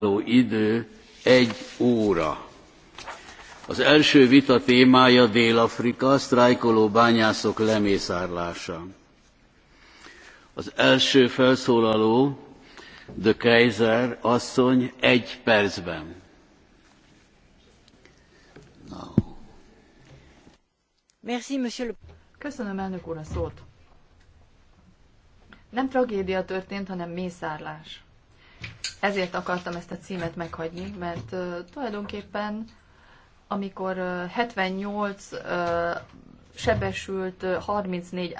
álló idő egy óra. Az első vita témája Dél-Afrika, sztrájkoló bányászok lemészárlása. Az első felszólaló de Kaiser asszony egy percben. No. Merci, monsieur le... Köszönöm, elnök úr, a szót. Nem tragédia történt, hanem mészárlás. Ezért akartam ezt a címet meghagyni, mert uh, tulajdonképpen amikor uh, 78 uh, sebesült, 34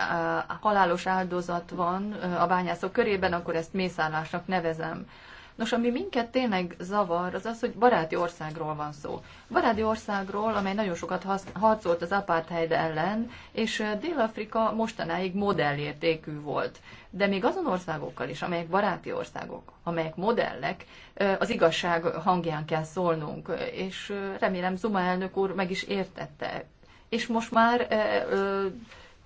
halálos áldozat van a bányászok körében, akkor ezt mészállásnak nevezem. Nos, ami minket tényleg zavar, az az, hogy baráti országról van szó. Baráti országról, amely nagyon sokat harcolt az apartheid ellen, és Dél-Afrika mostanáig modellértékű volt. De még azon országokkal is, amelyek baráti országok, amelyek modellek, az igazság hangján kell szólnunk, és remélem Zuma elnök úr meg is értette. És most már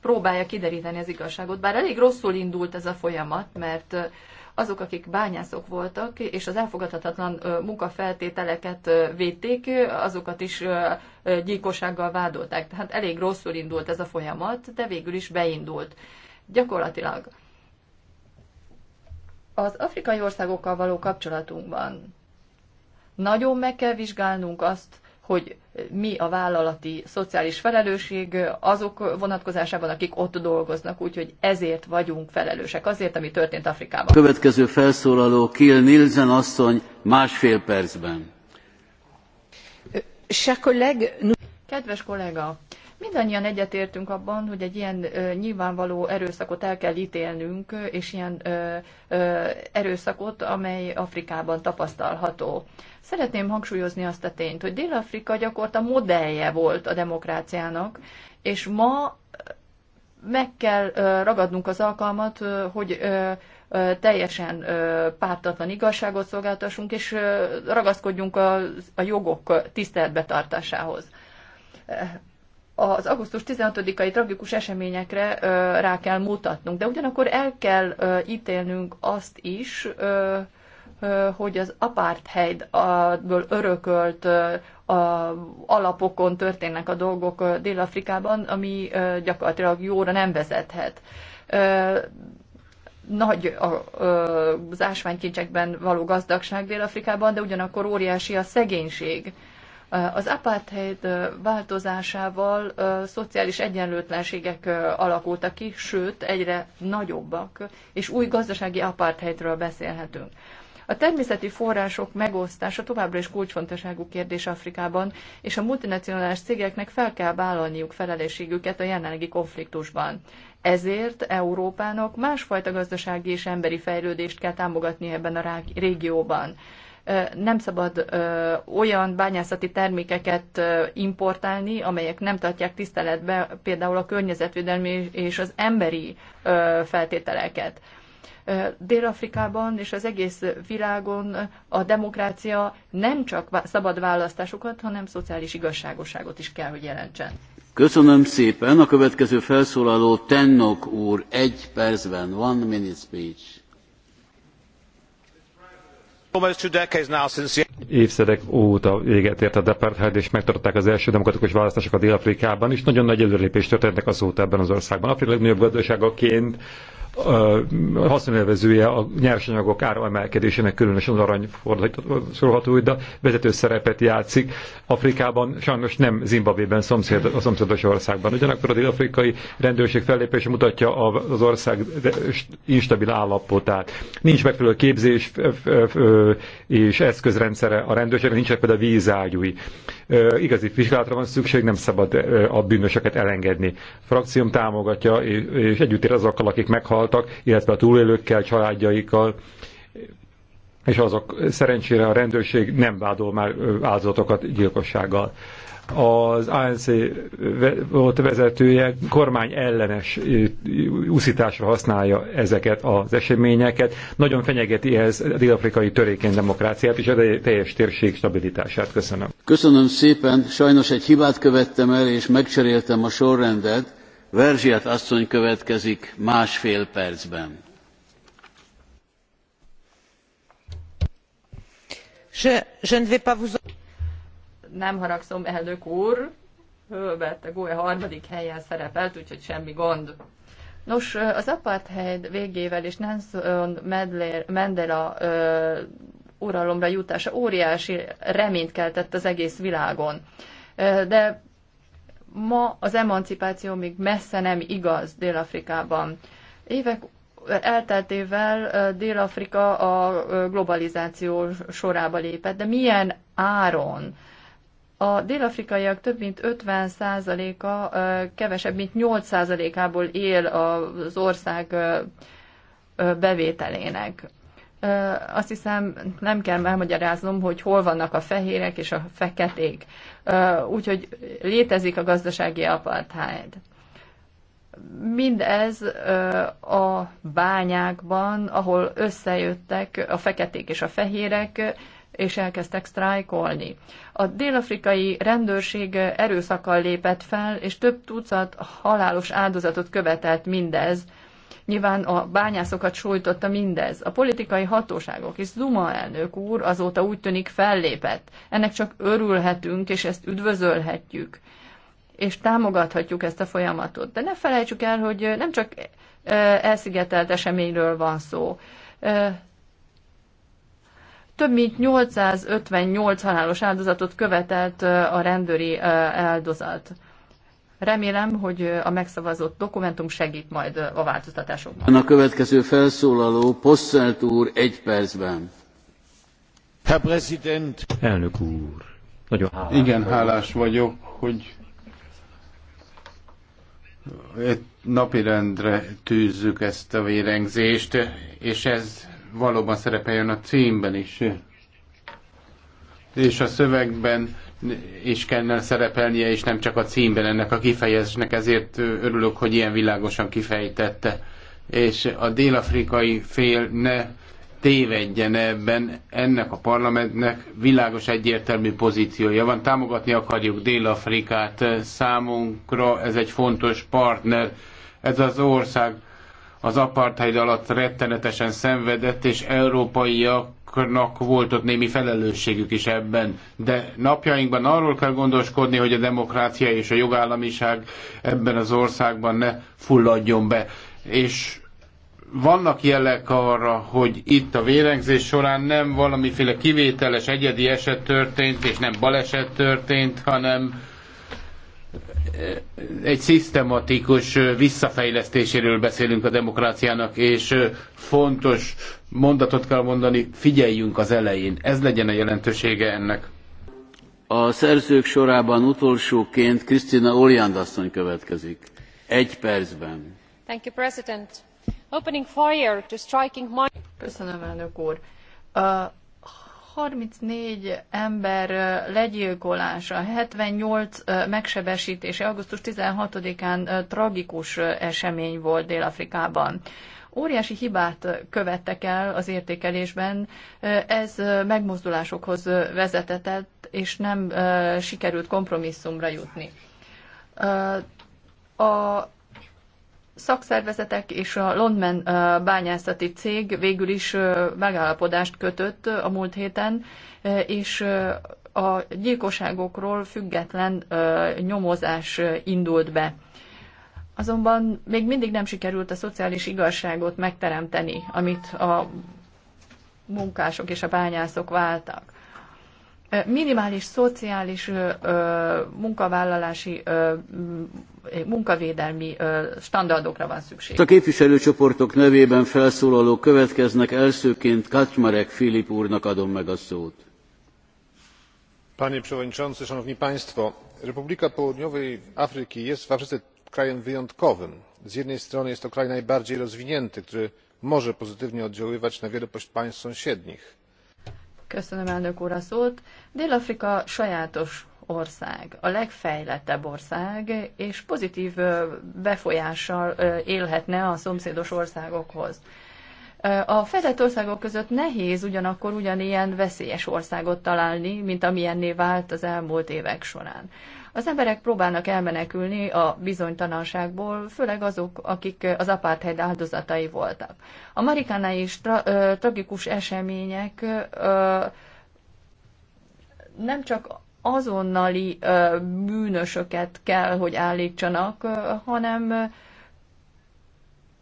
próbálja kideríteni az igazságot. Bár elég rosszul indult ez a folyamat, mert azok, akik bányászok voltak, és az elfogadhatatlan munkafeltételeket védték, azokat is gyilkossággal vádolták. Tehát elég rosszul indult ez a folyamat, de végül is beindult. Gyakorlatilag az afrikai országokkal való kapcsolatunkban nagyon meg kell vizsgálnunk azt, hogy mi a vállalati szociális felelősség azok vonatkozásában, akik ott dolgoznak, úgyhogy ezért vagyunk felelősek, azért, ami történt Afrikában. Következő felszólaló Kill Nielsen asszony másfél percben. Kedves kollega, Mindannyian egyetértünk abban, hogy egy ilyen ö, nyilvánvaló erőszakot el kell ítélnünk, és ilyen ö, ö, erőszakot, amely Afrikában tapasztalható. Szeretném hangsúlyozni azt a tényt, hogy Dél-Afrika gyakorta modellje volt a demokráciának, és ma meg kell ragadnunk az alkalmat, hogy teljesen pártatlan igazságot szolgáltassunk, és ragaszkodjunk a, a jogok tiszteletbetartásához az augusztus 16-ai tragikus eseményekre rá kell mutatnunk, de ugyanakkor el kell ítélnünk azt is, hogy az apartheidből örökölt alapokon történnek a dolgok Dél-Afrikában, ami gyakorlatilag jóra nem vezethet. Nagy az ásványkincsekben való gazdagság Dél-Afrikában, de ugyanakkor óriási a szegénység az apartheid változásával szociális egyenlőtlenségek alakultak ki, sőt, egyre nagyobbak, és új gazdasági apartheidről beszélhetünk. A természeti források megosztása továbbra is kulcsfontosságú kérdés Afrikában, és a multinacionális cégeknek fel kell vállalniuk felelősségüket a jelenlegi konfliktusban. Ezért Európának másfajta gazdasági és emberi fejlődést kell támogatni ebben a régióban nem szabad olyan bányászati termékeket importálni, amelyek nem tartják tiszteletbe például a környezetvédelmi és az emberi feltételeket. Dél-Afrikában és az egész világon a demokrácia nem csak szabad választásokat, hanem szociális igazságosságot is kell, hogy jelentsen. Köszönöm szépen. A következő felszólaló Tennok úr, egy percben, one minute speech. Évszedek óta véget ért a Departheid, és megtartották az első demokratikus választásokat Dél-Afrikában, és nagyon nagy előrelépés történtek azóta ebben az országban. Afrika legnagyobb gazdaságaként haszonélvezője a nyersanyagok ára emelkedésének, különösen az arany fordítható, de vezető szerepet játszik. Afrikában sajnos nem Zimbabében, szomszéd, a szomszédos országban. Ugyanakkor a dél-afrikai rendőrség fellépése mutatja az ország instabil állapotát. Nincs megfelelő képzés és eszközrendszere a rendőrségnek, nincsenek például vízágyúi. Igazi vizsgálatra van szükség, nem szabad a bűnösöket elengedni. A frakcióm támogatja és együtt ér azokkal, akik meghal meghaltak, illetve a túlélőkkel, családjaikkal, és azok szerencsére a rendőrség nem vádol már áldozatokat gyilkossággal. Az ANC volt vezetője kormány ellenes úszításra használja ezeket az eseményeket. Nagyon fenyegeti ez a dél-afrikai törékeny demokráciát és a teljes térség stabilitását. Köszönöm. Köszönöm szépen. Sajnos egy hibát követtem el, és megcseréltem a sorrendet Verziát asszony következik másfél percben. Je, je ne vais pas vous... Nem haragszom, elnök úr. Hölbert a Góe harmadik helyen szerepelt, úgyhogy semmi gond. Nos, az apartheid végével és Nelson Mandela uralomra jutása óriási reményt keltett az egész világon. De ma az emancipáció még messze nem igaz Dél-Afrikában. Évek elteltével Dél-Afrika a globalizáció sorába lépett, de milyen áron? A dél-afrikaiak több mint 50%-a kevesebb, mint 8%-ából él az ország bevételének azt hiszem nem kell elmagyaráznom, hogy hol vannak a fehérek és a feketék. Úgyhogy létezik a gazdasági apartheid. Mindez a bányákban, ahol összejöttek a feketék és a fehérek, és elkezdtek sztrájkolni. A délafrikai rendőrség erőszakkal lépett fel, és több tucat halálos áldozatot követelt mindez, Nyilván a bányászokat sújtotta mindez. A politikai hatóságok és Zuma elnök úr azóta úgy tűnik fellépett. Ennek csak örülhetünk, és ezt üdvözölhetjük. És támogathatjuk ezt a folyamatot. De ne felejtsük el, hogy nem csak elszigetelt eseményről van szó. Több mint 858 halálos áldozatot követelt a rendőri áldozat. Remélem, hogy a megszavazott dokumentum segít majd a változtatásokban. A következő felszólaló Posselt úr egy percben. Herr Präsident! Elnök úr! Nagyon hálás Igen, hálás vagyok, hogy napirendre tűzzük ezt a vérengzést, és ez valóban szerepeljen a címben is és a szövegben is kellene szerepelnie, és nem csak a címben ennek a kifejezésnek, ezért örülök, hogy ilyen világosan kifejtette. És a dél-afrikai fél ne tévedjen ebben, ennek a parlamentnek világos egyértelmű pozíciója van. Támogatni akarjuk Dél-Afrikát számunkra, ez egy fontos partner. Ez az ország az apartheid alatt rettenetesen szenvedett, és európaiak demokratáknak volt ott némi felelősségük is ebben, de napjainkban arról kell gondoskodni, hogy a demokrácia és a jogállamiság ebben az országban ne fulladjon be. És vannak jelek arra, hogy itt a vérengzés során nem valamiféle kivételes egyedi eset történt, és nem baleset történt, hanem egy szisztematikus visszafejlesztéséről beszélünk a demokráciának, és fontos mondatot kell mondani, figyeljünk az elején. Ez legyen a jelentősége ennek. A szerzők sorában utolsóként Krisztina Oliand asszony következik. Egy percben. Thank you, President. Opening fire to striking Köszönöm, elnök úr. 34 ember legyilkolása, 78 megsebesítése augusztus 16-án tragikus esemény volt Dél-Afrikában. Óriási hibát követtek el az értékelésben, ez megmozdulásokhoz vezetett, és nem sikerült kompromisszumra jutni. A szakszervezetek és a Londman bányászati cég végül is megállapodást kötött a múlt héten, és a gyilkosságokról független nyomozás indult be. Azonban még mindig nem sikerült a szociális igazságot megteremteni, amit a munkások és a bányászok váltak. Minimális szociális munkavállalási munkavédelmi standardokra van szükség. A képviselőcsoportok nevében felszólalók következnek. Elsőként Kaczmarek Filip úrnak adom meg a szót. Panie Przewodniczący, Szanowni Państwo! Republika Południowej Afryki jest w Afryce krajem wyjątkowym. Z jednej strony jest to kraj najbardziej rozwinięty, który może pozytywnie oddziaływać na wiele państw sąsiednich. Köszönöm elnök úr a szót. Dél-Afrika sajátos ország, a legfejlettebb ország, és pozitív befolyással élhetne a szomszédos országokhoz. A fedett országok között nehéz ugyanakkor ugyanilyen veszélyes országot találni, mint amilyenné vált az elmúlt évek során. Az emberek próbálnak elmenekülni a bizonytalanságból, főleg azok, akik az apartheid áldozatai voltak. A marikánai tra- tragikus események ö, nem csak azonnali bűnösöket kell, hogy állítsanak, hanem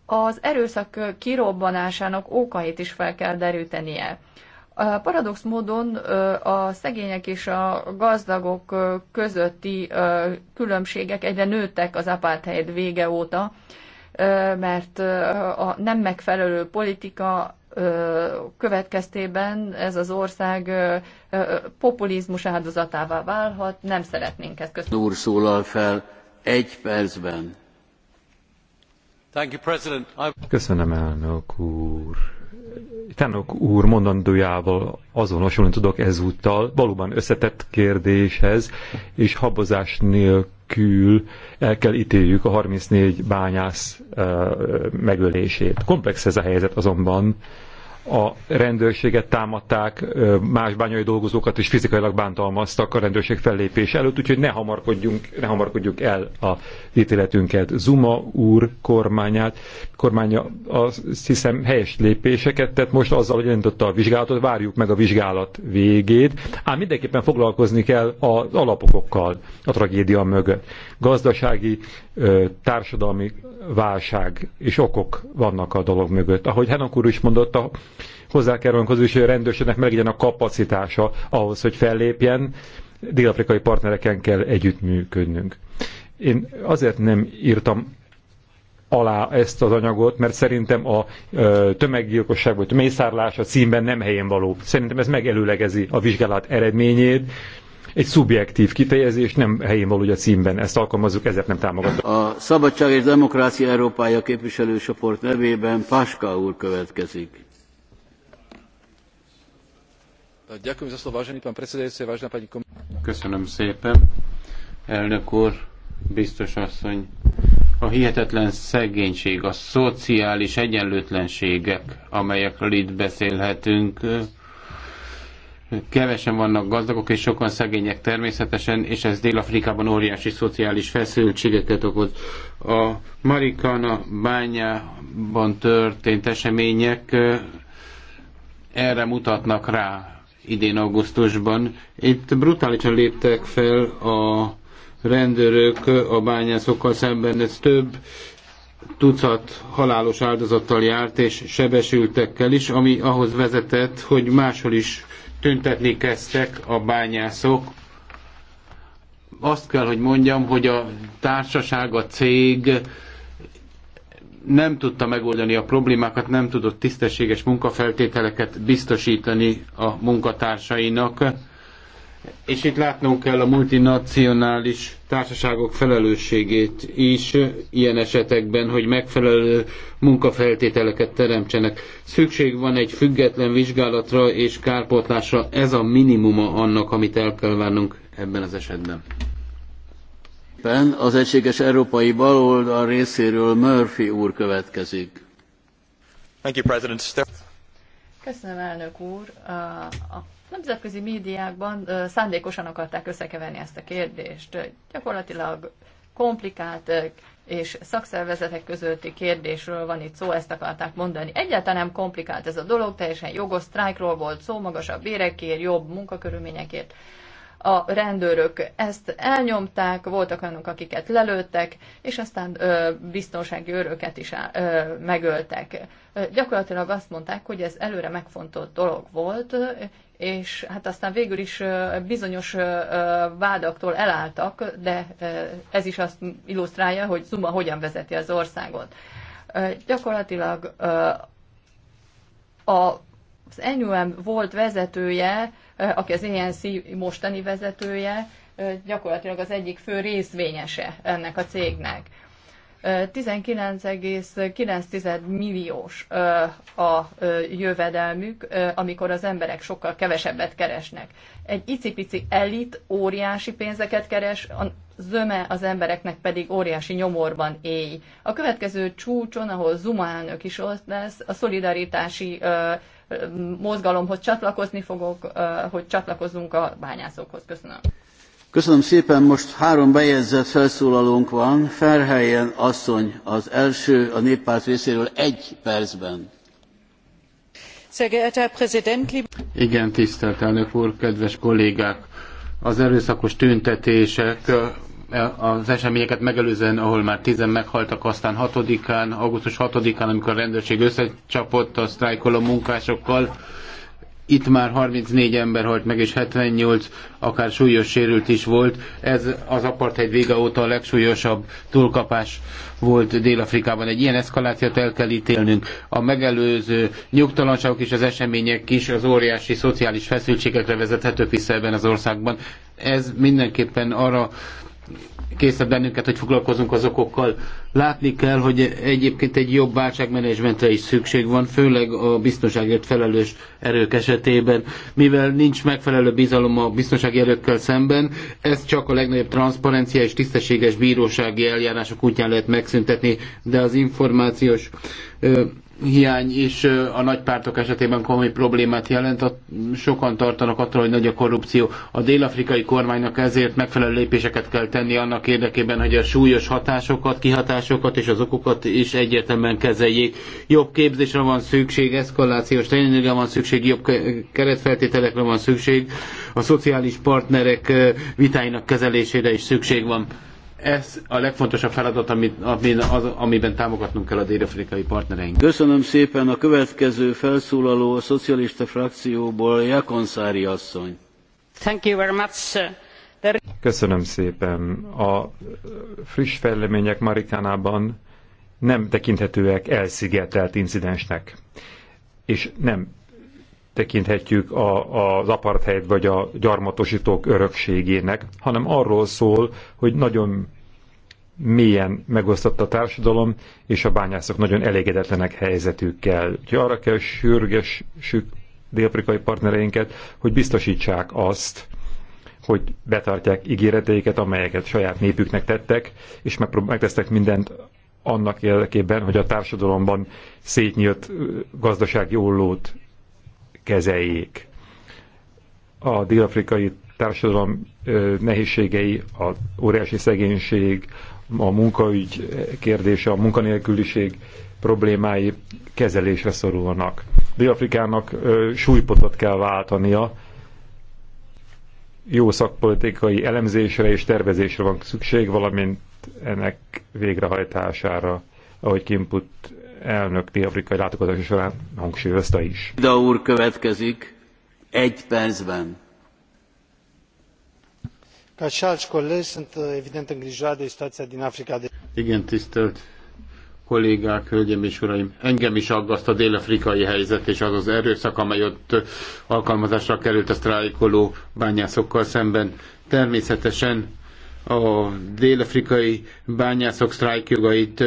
az erőszak kirobbanásának okait is fel kell derítenie. Paradox módon a szegények és a gazdagok közötti különbségek egyre nőttek az apartheid vége óta, mert a nem megfelelő politika következtében ez az ország populizmus áldozatává válhat, nem szeretnénk ezt. Köszönöm. Úr szólal fel egy percben. Thank you, President. Köszönöm, elnök úr. Tenok úr mondandójával azonosulni tudok ezúttal, valóban összetett kérdéshez, és habozás nélkül nélkül el kell ítéljük a 34 bányász megölését. Komplex ez a helyzet azonban, a rendőrséget támadták, más bányai dolgozókat is fizikailag bántalmaztak a rendőrség fellépés előtt, úgyhogy ne hamarkodjunk, ne hamarkodjunk el a ítéletünket. Zuma úr kormányát, kormánya azt hiszem helyes lépéseket tett most azzal, hogy elindította a vizsgálatot, várjuk meg a vizsgálat végét, ám mindenképpen foglalkozni kell az alapokokkal a tragédia mögött. Gazdasági, társadalmi válság és okok vannak a dolog mögött. Ahogy Henok úr is mondotta, hozzá kell hozzá is, hogy a rendőrségnek legyen a kapacitása ahhoz, hogy fellépjen, dél-afrikai partnereken kell együttműködnünk. Én azért nem írtam alá ezt az anyagot, mert szerintem a ö, tömeggyilkosság vagy mészárlás a címben nem helyén való. Szerintem ez megelőlegezi a vizsgálat eredményét, egy szubjektív kifejezés, nem helyén való, hogy a címben ezt alkalmazzuk, ezért nem támogatom. A Szabadság és Demokrácia Európája képviselőcsoport nevében Páska úr következik. Köszönöm szépen. Elnök úr, biztos asszony, a hihetetlen szegénység, a szociális egyenlőtlenségek, amelyekről itt beszélhetünk, kevesen vannak gazdagok és sokan szegények természetesen, és ez Dél-Afrikában óriási szociális feszültségeket okoz. A Marikana bányában történt események erre mutatnak rá idén augusztusban. Itt brutálisan léptek fel a rendőrök a bányászokkal szemben, ez több tucat halálos áldozattal járt és sebesültekkel is, ami ahhoz vezetett, hogy máshol is tüntetni kezdtek a bányászok. Azt kell, hogy mondjam, hogy a társaság, a cég nem tudta megoldani a problémákat, nem tudott tisztességes munkafeltételeket biztosítani a munkatársainak és itt látnunk kell a multinacionális társaságok felelősségét is ilyen esetekben, hogy megfelelő munkafeltételeket teremtsenek. Szükség van egy független vizsgálatra és kárpótlásra, ez a minimuma annak, amit el kell várnunk ebben az esetben. Az Egységes Európai Baloldal részéről Murphy úr következik. Thank you, President. Köszönöm, elnök úr. A nemzetközi médiákban szándékosan akarták összekeverni ezt a kérdést. Gyakorlatilag komplikált és szakszervezetek közötti kérdésről van itt szó, ezt akarták mondani. Egyáltalán nem komplikált ez a dolog, teljesen jogos sztrájkról volt szó, magasabb bérekért, jobb munkakörülményekért a rendőrök ezt elnyomták, voltak olyanok, akiket lelőttek, és aztán ö, biztonsági őröket is ö, megöltek. Ö, gyakorlatilag azt mondták, hogy ez előre megfontolt dolog volt, és hát aztán végül is bizonyos vádaktól elálltak, de ez is azt illusztrálja, hogy Zuma hogyan vezeti az országot. Gyakorlatilag a, az NUM volt vezetője, aki az ENC mostani vezetője, gyakorlatilag az egyik fő részvényese ennek a cégnek. 19,9 milliós a jövedelmük, amikor az emberek sokkal kevesebbet keresnek. Egy icipici elit óriási pénzeket keres, a zöme az embereknek pedig óriási nyomorban éj. A következő csúcson, ahol Zuma elnök is ott lesz, a szolidaritási mozgalomhoz csatlakozni fogok, hogy csatlakozzunk a bányászokhoz. Köszönöm. Köszönöm szépen, most három bejegyzett felszólalónk van. Ferhelyen asszony az első a néppárt részéről egy percben. Igen, tisztelt elnök úr, kedves kollégák! Az erőszakos tüntetések az eseményeket megelőzően, ahol már tizen meghaltak, aztán 6-án, augusztus 6-án, amikor a rendőrség összecsapott a sztrájkoló munkásokkal, itt már 34 ember halt meg, és 78 akár súlyos sérült is volt. Ez az apartheid vége óta a legsúlyosabb túlkapás volt Dél-Afrikában. Egy ilyen eszkalációt el kell ítélnünk. A megelőző nyugtalanságok és az események is az óriási szociális feszültségekre vezethetők vissza ebben az országban. Ez mindenképpen arra készített bennünket, hogy foglalkozunk az okokkal. Látni kell, hogy egyébként egy jobb válságmenedzsmentre is szükség van, főleg a biztonságért felelős erők esetében, mivel nincs megfelelő bizalom a biztonsági erőkkel szemben, ez csak a legnagyobb transzparencia és tisztességes bírósági eljárások útján lehet megszüntetni, de az információs ö, hiány is a nagypártok esetében komoly problémát jelent. Sokan tartanak attól, hogy nagy a korrupció. A dél-afrikai kormánynak ezért megfelelő lépéseket kell tenni annak érdekében, hogy a súlyos hatásokat, kihatásokat, hatásokat és az okokat is egyértelműen kezeljék. Jobb képzésre van szükség, eszkalációs tényleg van szükség, jobb keretfeltételekre van szükség, a szociális partnerek vitáinak kezelésére is szükség van. Ez a legfontosabb feladat, amit, amin, az, amiben támogatnunk kell a dél-afrikai partnereink. Köszönöm szépen a következő felszólaló a szocialista frakcióból, Jakonszári asszony. Thank you very much, sir. Köszönöm szépen. A friss fejlemények Marikánában nem tekinthetőek elszigetelt incidensnek, és nem tekinthetjük a, az apartheid vagy a gyarmatosítók örökségének, hanem arról szól, hogy nagyon mélyen megosztott a társadalom, és a bányászok nagyon elégedetlenek helyzetükkel. Úgyhogy arra kell sürgessük dél-afrikai partnereinket, hogy biztosítsák azt, hogy betartják ígéreteiket, amelyeket saját népüknek tettek, és megtesztek mindent annak érdekében, hogy a társadalomban szétnyílt gazdasági ollót kezeljék. A dél-afrikai társadalom nehézségei, a óriási szegénység, a munkaügy kérdése, a munkanélküliség problémái kezelésre szorulnak. Dél-Afrikának súlypotot kell váltania, jó szakpolitikai elemzésre és tervezésre van szükség, valamint ennek végrehajtására, ahogy Kimput elnök afrikai látogatása során hangsúlyozta is. Ida úr következik egy percben. Ca și alți colegi, sunt evident îngrijorat de situația din Africa de... Igen, tisztelt kollégák, hölgyeim és uraim, engem is aggaszt a dél-afrikai helyzet és az az erőszak, amely ott alkalmazásra került a sztrájkoló bányászokkal szemben. Természetesen a dél-afrikai bányászok sztrájkjogait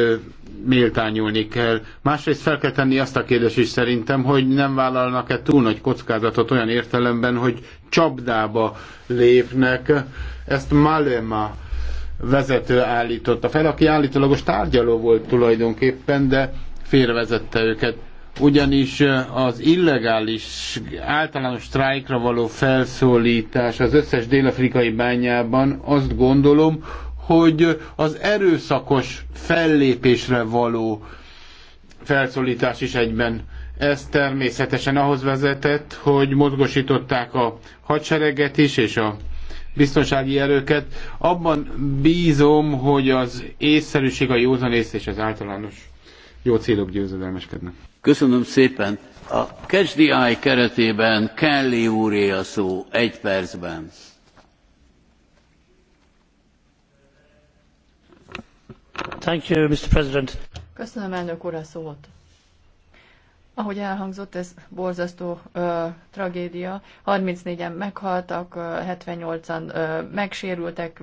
méltányolni kell. Másrészt fel kell tenni azt a kérdést is szerintem, hogy nem vállalnak-e túl nagy kockázatot olyan értelemben, hogy csapdába lépnek. Ezt Malema vezető állította fel, aki állítólagos tárgyaló volt tulajdonképpen, de félrevezette őket. Ugyanis az illegális általános sztrájkra való felszólítás az összes dél-afrikai bányában azt gondolom, hogy az erőszakos fellépésre való felszólítás is egyben. Ez természetesen ahhoz vezetett, hogy mozgosították a hadsereget is, és a biztonsági erőket. Abban bízom, hogy az észszerűség, a józan ész és az általános jó célok győzedelmeskednek. Köszönöm szépen. A Catch the Eye keretében Kelly úré a szó egy percben. Thank you, Mr. President. Köszönöm elnök úr a szót. Ahogy elhangzott, ez borzasztó ö, tragédia. 34-en meghaltak, 78-an ö, megsérültek,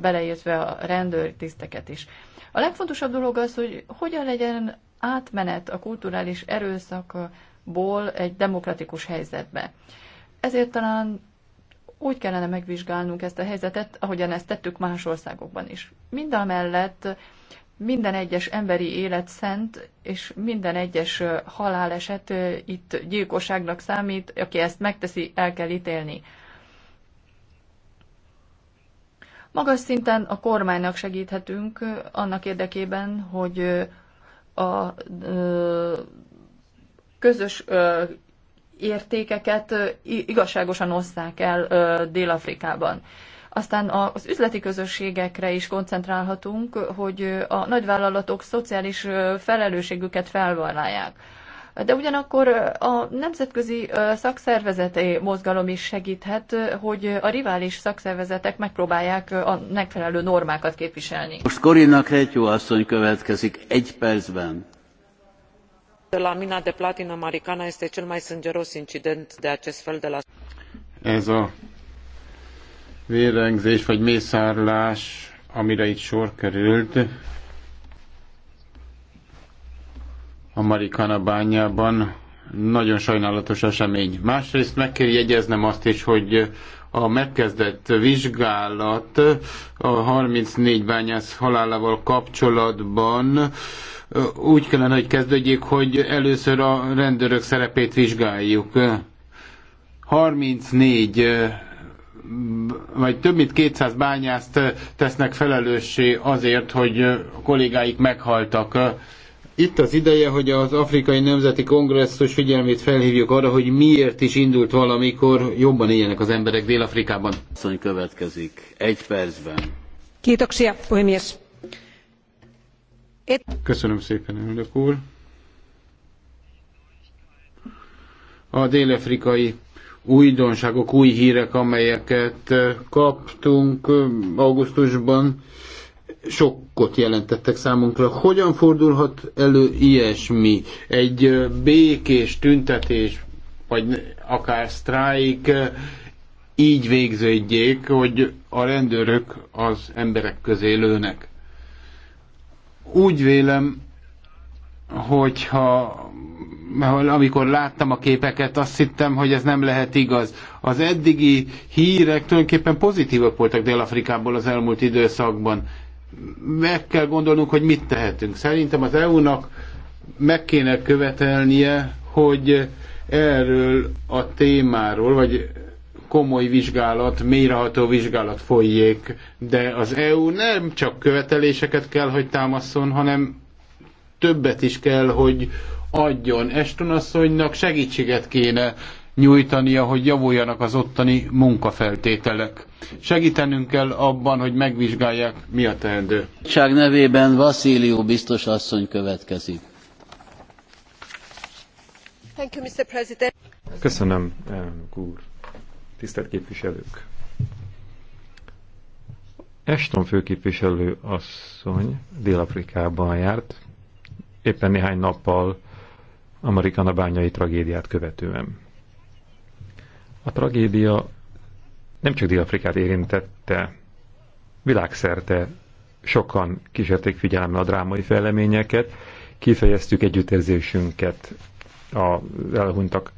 beleértve a rendőrtiszteket is. A legfontosabb dolog az, hogy hogyan legyen átmenet a kulturális erőszakból egy demokratikus helyzetbe. Ezért talán úgy kellene megvizsgálnunk ezt a helyzetet, ahogyan ezt tettük más országokban is. Mindamellett mellett minden egyes emberi élet szent, és minden egyes haláleset itt gyilkosságnak számít, aki ezt megteszi, el kell ítélni. Magas szinten a kormánynak segíthetünk annak érdekében, hogy a közös értékeket igazságosan osszák el Dél-Afrikában. Aztán az üzleti közösségekre is koncentrálhatunk, hogy a nagyvállalatok szociális felelősségüket felvallálják. De ugyanakkor a nemzetközi szakszervezeti mozgalom is segíthet, hogy a rivális szakszervezetek megpróbálják a megfelelő normákat képviselni. Most Korina Kretyó asszony következik egy percben. la mina de platină americana este cel mai sângeros incident de acest fel de la... Ez a vérengzés vagy mészárlás, amire itt sor került, a Marikana bányában. Nagyon sajnálatos esemény. Másrészt meg kell jegyeznem azt is, hogy a megkezdett vizsgálat a 34 bányász halálával kapcsolatban úgy kellene, hogy kezdődjék, hogy először a rendőrök szerepét vizsgáljuk. 34 vagy több mint 200 bányászt tesznek felelőssé azért, hogy a kollégáik meghaltak. Itt az ideje, hogy az Afrikai Nemzeti Kongresszus figyelmét felhívjuk arra, hogy miért is indult valamikor jobban éljenek az emberek Dél-Afrikában. Szóval következik. Egy percben. Kétoksia, puhemies. Et... Köszönöm szépen, elnök úr. A dél-afrikai újdonságok, új hírek, amelyeket eh, kaptunk eh, augusztusban, sokkot jelentettek számunkra. Hogyan fordulhat elő ilyesmi? Egy eh, békés tüntetés, vagy akár sztrájk így végződjék, hogy a rendőrök az emberek közé lőnek. Úgy vélem, hogyha amikor láttam a képeket, azt hittem, hogy ez nem lehet igaz. Az eddigi hírek tulajdonképpen pozitívak voltak Dél-Afrikából az elmúlt időszakban. Meg kell gondolnunk, hogy mit tehetünk. Szerintem az EU-nak meg kéne követelnie, hogy erről a témáról, vagy komoly vizsgálat, mélyreható vizsgálat folyjék, de az EU nem csak követeléseket kell, hogy támaszon, hanem többet is kell, hogy, adjon. Eston asszonynak segítséget kéne nyújtania, hogy javuljanak az ottani munkafeltételek. Segítenünk kell abban, hogy megvizsgálják, mi a teendő. Ság nevében Vasilió biztos asszony következik. Thank you, Mr. President. Köszönöm, elnök úr. Tisztelt képviselők! Eston főképviselő asszony Dél-Afrikában járt, éppen néhány nappal Amerikana bányai tragédiát követően. A tragédia nem csak Dél-Afrikát érintette, világszerte sokan kísérték figyelemmel a drámai fejleményeket, kifejeztük együttérzésünket az elhunytak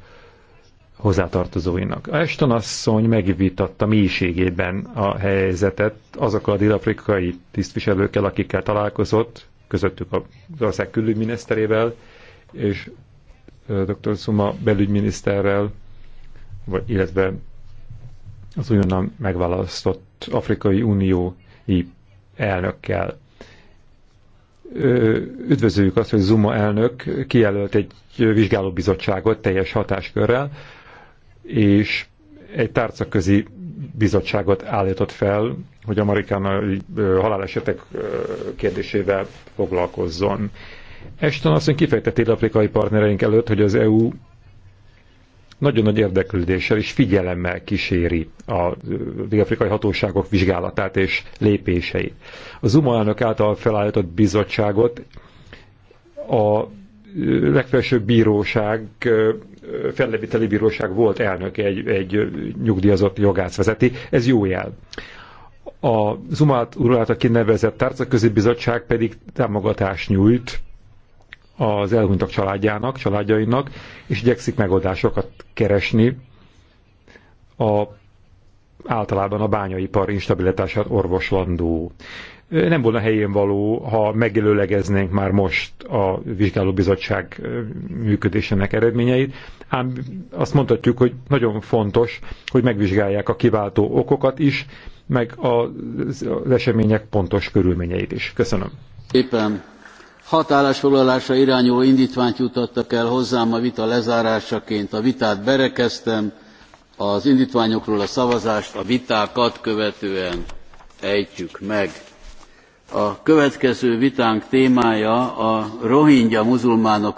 hozzátartozóinak. Eston asszony megvitatta mélységében a helyzetet azokkal a dél-afrikai tisztviselőkkel, akikkel találkozott, közöttük az ország külügyminiszterével, és dr. Szuma belügyminiszterrel, vagy, illetve az újonnan megválasztott Afrikai Uniói elnökkel. Üdvözöljük azt, hogy Zuma elnök kijelölt egy vizsgálóbizottságot teljes hatáskörrel, és egy tárcaközi bizottságot állított fel, hogy amerikánai halálesetek kérdésével foglalkozzon. Eston mondja, kifejteti afrikai partnereink előtt, hogy az EU nagyon nagy érdeklődéssel és figyelemmel kíséri a afrikai hatóságok vizsgálatát és lépéseit. A Zuma elnök által felállított bizottságot a legfelsőbb bíróság, felleviteli bíróság volt elnök, egy, egy nyugdíjazott jogász vezeti. Ez jó jel. A Zumát urát, aki nevezett tárcaközi bizottság pedig támogatást nyújt az elhunytak családjának, családjainak, és igyekszik megoldásokat keresni a, általában a bányaipar instabilitását orvoslandó. Nem volna helyén való, ha megjelölegeznénk már most a vizsgálóbizottság működésének eredményeit, ám azt mondhatjuk, hogy nagyon fontos, hogy megvizsgálják a kiváltó okokat is, meg az események pontos körülményeit is. Köszönöm. Éppen hat állásfoglalásra irányuló indtványt juttattak el hozzám a vita lezárásaként. a vitát berekeztem az indtványokról a szavazást a vitákat követően ejtjük meg. a következő vitánk témája a rohingya muzulmánok